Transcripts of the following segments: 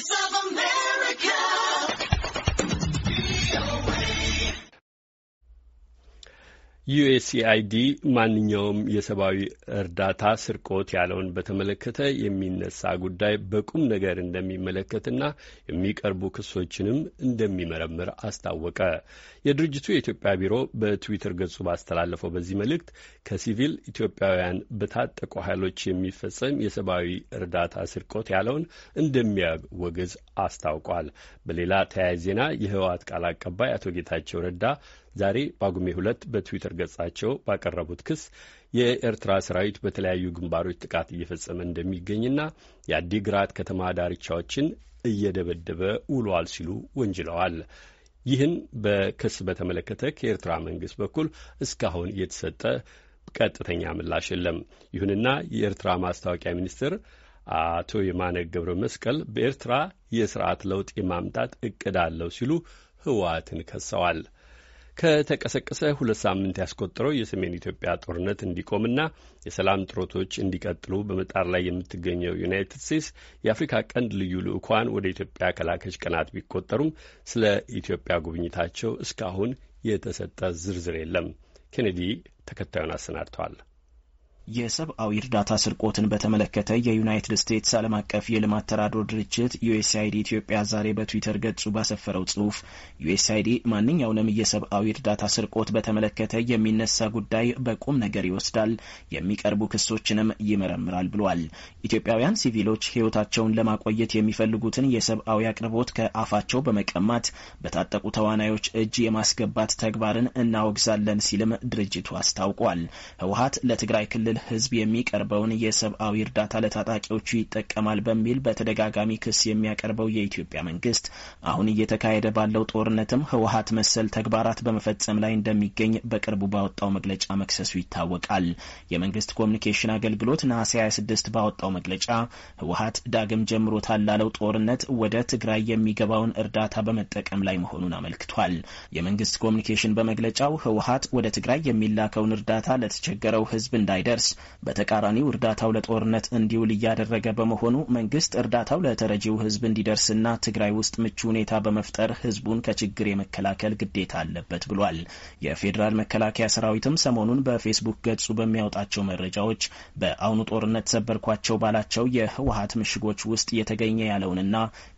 of America ዩኤስኤአይዲ ማንኛውም የሰብአዊ እርዳታ ስርቆት ያለውን በተመለከተ የሚነሳ ጉዳይ በቁም ነገር እንደሚመለከትና የሚቀርቡ ክሶችንም እንደሚመረምር አስታወቀ። የድርጅቱ የኢትዮጵያ ቢሮ በትዊተር ገጹ ባስተላለፈው በዚህ መልእክት ከሲቪል ኢትዮጵያውያን በታጠቁ ኃይሎች የሚፈጸም የሰብአዊ እርዳታ ስርቆት ያለውን እንደሚያወግዝ አስታውቋል። በሌላ ተያያዥ ዜና የህወሓት ቃል አቀባይ አቶ ጌታቸው ረዳ ዛሬ ጳጉሜ ሁለት በትዊተር ገጻቸው ባቀረቡት ክስ የኤርትራ ሰራዊት በተለያዩ ግንባሮች ጥቃት እየፈጸመ እንደሚገኝና የአዲግራት ከተማ ዳርቻዎችን እየደበደበ ውሏል ሲሉ ወንጅለዋል። ይህን በክስ በተመለከተ ከኤርትራ መንግስት በኩል እስካሁን የተሰጠ ቀጥተኛ ምላሽ የለም። ይሁንና የኤርትራ ማስታወቂያ ሚኒስትር አቶ የማነ ገብረ መስቀል በኤርትራ የስርዓት ለውጥ የማምጣት እቅድ አለው ሲሉ ህወሓትን ከሰዋል። ከተቀሰቀሰ ሁለት ሳምንት ያስቆጠረው የሰሜን ኢትዮጵያ ጦርነት እንዲቆምና የሰላም ጥረቶች እንዲቀጥሉ በመጣር ላይ የምትገኘው ዩናይትድ ስቴትስ የአፍሪካ ቀንድ ልዩ ልዑኳን ወደ ኢትዮጵያ ከላከች ቀናት ቢቆጠሩም ስለ ኢትዮጵያ ጉብኝታቸው እስካሁን የተሰጠ ዝርዝር የለም። ኬኔዲ ተከታዩን አሰናድተዋል። የሰብአዊ እርዳታ ስርቆትን በተመለከተ የዩናይትድ ስቴትስ ዓለም አቀፍ የልማት ተራድኦ ድርጅት ዩኤስአይዲ ኢትዮጵያ ዛሬ በትዊተር ገጹ ባሰፈረው ጽሁፍ ዩኤስአይዲ ማንኛውንም የሰብአዊ እርዳታ ስርቆት በተመለከተ የሚነሳ ጉዳይ በቁም ነገር ይወስዳል፣ የሚቀርቡ ክሶችንም ይመረምራል ብሏል። ኢትዮጵያውያን ሲቪሎች ህይወታቸውን ለማቆየት የሚፈልጉትን የሰብአዊ አቅርቦት ከአፋቸው በመቀማት በታጠቁ ተዋናዮች እጅ የማስገባት ተግባርን እናወግዛለን ሲልም ድርጅቱ አስታውቋል። ህወሀት ለትግራይ ክልል ህዝብ የሚቀርበውን የሰብአዊ እርዳታ ለታጣቂዎቹ ይጠቀማል በሚል በተደጋጋሚ ክስ የሚያቀርበው የኢትዮጵያ መንግስት አሁን እየተካሄደ ባለው ጦርነትም ህወሀት መሰል ተግባራት በመፈጸም ላይ እንደሚገኝ በቅርቡ ባወጣው መግለጫ መክሰሱ ይታወቃል። የመንግስት ኮሚኒኬሽን አገልግሎት ነሐሴ 26 ባወጣው መግለጫ ህወሀት ዳግም ጀምሮታል ላለው ጦርነት ወደ ትግራይ የሚገባውን እርዳታ በመጠቀም ላይ መሆኑን አመልክቷል። የመንግስት ኮሚኒኬሽን በመግለጫው ህወሀት ወደ ትግራይ የሚላከውን እርዳታ ለተቸገረው ህዝብ እንዳይደርስ መንግስት በተቃራኒው እርዳታው ለጦርነት እንዲውል እያደረገ በመሆኑ መንግስት እርዳታው ለተረጂው ህዝብ እንዲደርስና ትግራይ ውስጥ ምቹ ሁኔታ በመፍጠር ህዝቡን ከችግር የመከላከል ግዴታ አለበት ብሏል። የፌዴራል መከላከያ ሰራዊትም ሰሞኑን በፌስቡክ ገጹ በሚያወጣቸው መረጃዎች በአሁኑ ጦርነት ሰበርኳቸው ባላቸው የህወሀት ምሽጎች ውስጥ የተገኘ ያለውንና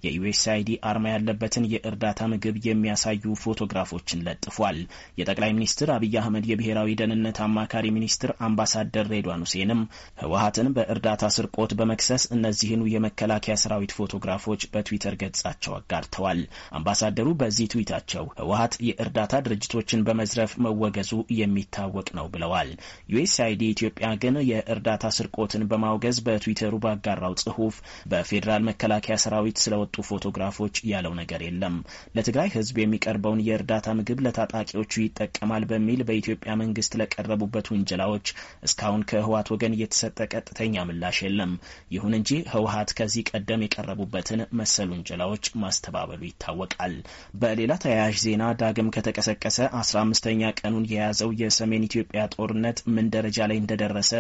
የዩኤስአይዲ አርማ ያለበትን የእርዳታ ምግብ የሚያሳዩ ፎቶግራፎችን ለጥፏል። የጠቅላይ ሚኒስትር አብይ አህመድ የብሔራዊ ደህንነት አማካሪ ሚኒስትር አምባሳደር ሬድዋን ሁሴንም ህወሀትን በእርዳታ ስርቆት በመክሰስ እነዚህኑ የመከላከያ ሰራዊት ፎቶግራፎች በትዊተር ገጻቸው አጋርተዋል። አምባሳደሩ በዚህ ትዊታቸው ህወሀት የእርዳታ ድርጅቶችን በመዝረፍ መወገዙ የሚታወቅ ነው ብለዋል። ዩኤስአይዲ ኢትዮጵያ ግን የእርዳታ ስርቆትን በማውገዝ በትዊተሩ ባጋራው ጽሁፍ በፌዴራል መከላከያ ሰራዊት ስለወጡ ፎቶግራፎች ያለው ነገር የለም። ለትግራይ ህዝብ የሚቀርበውን የእርዳታ ምግብ ለታጣቂዎቹ ይጠቀማል በሚል በኢትዮጵያ መንግስት ለቀረቡበት ውንጀላዎች እስካሁን እስካሁን ከህወሀት ወገን የተሰጠ ቀጥተኛ ምላሽ የለም። ይሁን እንጂ ህወሀት ከዚህ ቀደም የቀረቡበትን መሰል ውንጀላዎች ማስተባበሉ ይታወቃል። በሌላ ተያያዥ ዜና ዳግም ከተቀሰቀሰ አስራ አምስተኛ ቀኑን የያዘው የሰሜን ኢትዮጵያ ጦርነት ምን ደረጃ ላይ እንደደረሰ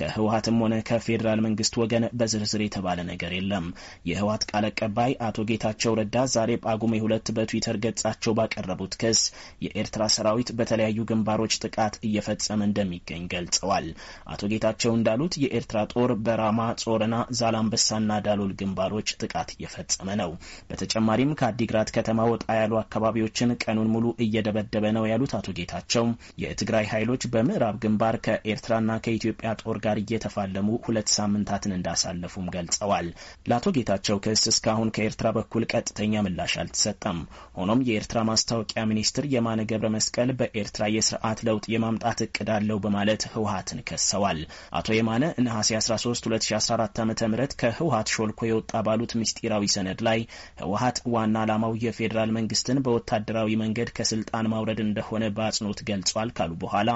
ከህወሀትም ሆነ ከፌዴራል መንግስት ወገን በዝርዝር የተባለ ነገር የለም። የህወሀት ቃል አቀባይ አቶ ጌታቸው ረዳ ዛሬ ጳጉሜ ሁለት በትዊተር ገጻቸው ባቀረቡት ክስ የኤርትራ ሰራዊት በተለያዩ ግንባሮች ጥቃት እየፈጸመ እንደሚገኝ ገልጸዋል። አቶ ጌታቸው እንዳሉት የኤርትራ ጦር በራማ ጾረና፣ ዛላምበሳና ዳሎል ግንባሮች ጥቃት እየፈጸመ ነው። በተጨማሪም ከአዲግራት ከተማ ወጣ ያሉ አካባቢዎችን ቀኑን ሙሉ እየደበደበ ነው ያሉት አቶ ጌታቸው የትግራይ ኃይሎች በምዕራብ ግንባር ከኤርትራና ከኢትዮጵያ ጦር ጋር እየተፋለሙ ሁለት ሳምንታትን እንዳሳለፉም ገልጸዋል። ለአቶ ጌታቸው ክስ እስካሁን ከኤርትራ በኩል ቀጥተኛ ምላሽ አልተሰጠም። ሆኖም የኤርትራ ማስታወቂያ ሚኒስትር የማነ ገብረ መስቀል በኤርትራ የስርዓት ለውጥ የማምጣት እቅድ አለው በማለት ህወሀትን ከስ ከሰዋል። አቶ የማነ ነሐሴ 13 2014 ዓ ም ከህወሀት ሾልኮ የወጣ ባሉት ምስጢራዊ ሰነድ ላይ ህወሀት ዋና ዓላማው የፌዴራል መንግስትን በወታደራዊ መንገድ ከስልጣን ማውረድ እንደሆነ በአጽንኦት ገልጿል ካሉ በኋላ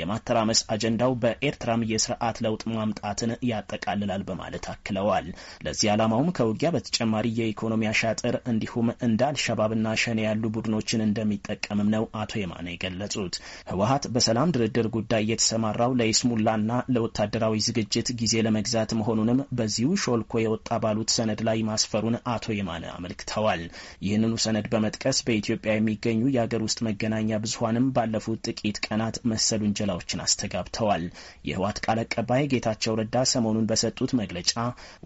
የማተራመስ አጀንዳው በኤርትራም የስርዓት ለውጥ ማምጣትን ያጠቃልላል በማለት አክለዋል። ለዚህ ዓላማውም ከውጊያ በተጨማሪ የኢኮኖሚ አሻጥር እንዲሁም እንደ አልሸባብና ሸኔ ያሉ ቡድኖችን እንደሚጠቀምም ነው አቶ የማነ የገለጹት። ህወሀት በሰላም ድርድር ጉዳይ የተሰማራው ለይስሙላ ለስራና ለወታደራዊ ዝግጅት ጊዜ ለመግዛት መሆኑንም በዚሁ ሾልኮ የወጣ ባሉት ሰነድ ላይ ማስፈሩን አቶ የማነ አመልክተዋል። ይህንኑ ሰነድ በመጥቀስ በኢትዮጵያ የሚገኙ የአገር ውስጥ መገናኛ ብዙሀንም ባለፉት ጥቂት ቀናት መሰል ውንጀላዎችን አስተጋብተዋል። የህወሓት ቃል አቀባይ ጌታቸው ረዳ ሰሞኑን በሰጡት መግለጫ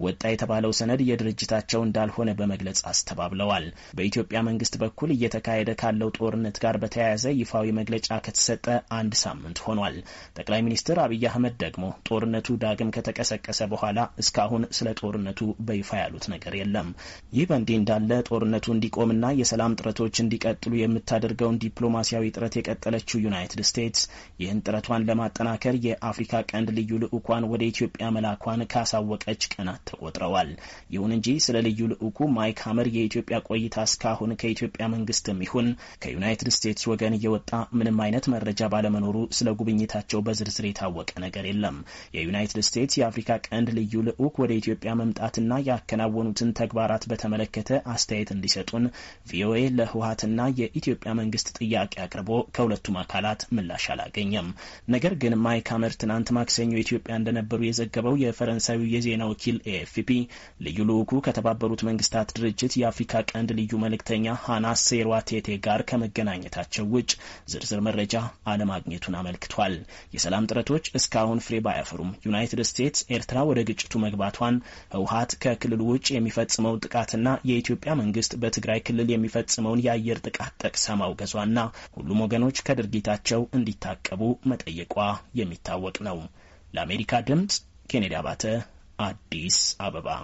ወጣ የተባለው ሰነድ የድርጅታቸው እንዳልሆነ በመግለጽ አስተባብለዋል። በኢትዮጵያ መንግስት በኩል እየተካሄደ ካለው ጦርነት ጋር በተያያዘ ይፋዊ መግለጫ ከተሰጠ አንድ ሳምንት ሆኗል። ጠቅላይ ሚኒስትር አብይ አህመድ አህመድ ደግሞ ጦርነቱ ዳግም ከተቀሰቀሰ በኋላ እስካሁን ስለ ጦርነቱ በይፋ ያሉት ነገር የለም። ይህ በእንዲህ እንዳለ ጦርነቱ እንዲቆምና የሰላም ጥረቶች እንዲቀጥሉ የምታደርገውን ዲፕሎማሲያዊ ጥረት የቀጠለችው ዩናይትድ ስቴትስ ይህን ጥረቷን ለማጠናከር የአፍሪካ ቀንድ ልዩ ልዑኳን ወደ ኢትዮጵያ መላኳን ካሳወቀች ቀናት ተቆጥረዋል። ይሁን እንጂ ስለ ልዩ ልዑኩ ማይክ ሀመር የኢትዮጵያ ቆይታ እስካሁን ከኢትዮጵያ መንግስትም ይሁን ከዩናይትድ ስቴትስ ወገን እየወጣ ምንም አይነት መረጃ ባለመኖሩ ስለ ጉብኝታቸው በዝርዝር የታወቀ ነገር ነገር የለም። የዩናይትድ ስቴትስ የአፍሪካ ቀንድ ልዩ ልዑክ ወደ ኢትዮጵያ መምጣትና ያከናወኑትን ተግባራት በተመለከተ አስተያየት እንዲሰጡን ቪኦኤ ለህወሀትና የኢትዮጵያ መንግስት ጥያቄ አቅርቦ ከሁለቱም አካላት ምላሽ አላገኘም። ነገር ግን ማይክ ትናንት ማክሰኞ ኢትዮጵያ እንደነበሩ የዘገበው የፈረንሳዩ የዜና ወኪል ኤኤፍፒ ልዩ ልዑኩ ከተባበሩት መንግስታት ድርጅት የአፍሪካ ቀንድ ልዩ መልእክተኛ ሃና ሴሯ ቴቴ ጋር ከመገናኘታቸው ውጭ ዝርዝር መረጃ አለማግኘቱን አመልክቷል። የሰላም ጥረቶች እስከ እስካሁን ፍሬ ባያፈሩም ዩናይትድ ስቴትስ ኤርትራ ወደ ግጭቱ መግባቷን ህውሀት ከክልሉ ውጭ የሚፈጽመው ጥቃትና የኢትዮጵያ መንግስት በትግራይ ክልል የሚፈጽመውን የአየር ጥቃት ጠቅሳ ማውገዟና ሁሉም ወገኖች ከድርጊታቸው እንዲታቀቡ መጠየቋ የሚታወቅ ነው። ለአሜሪካ ድምጽ ኬኔዲ አባተ አዲስ አበባ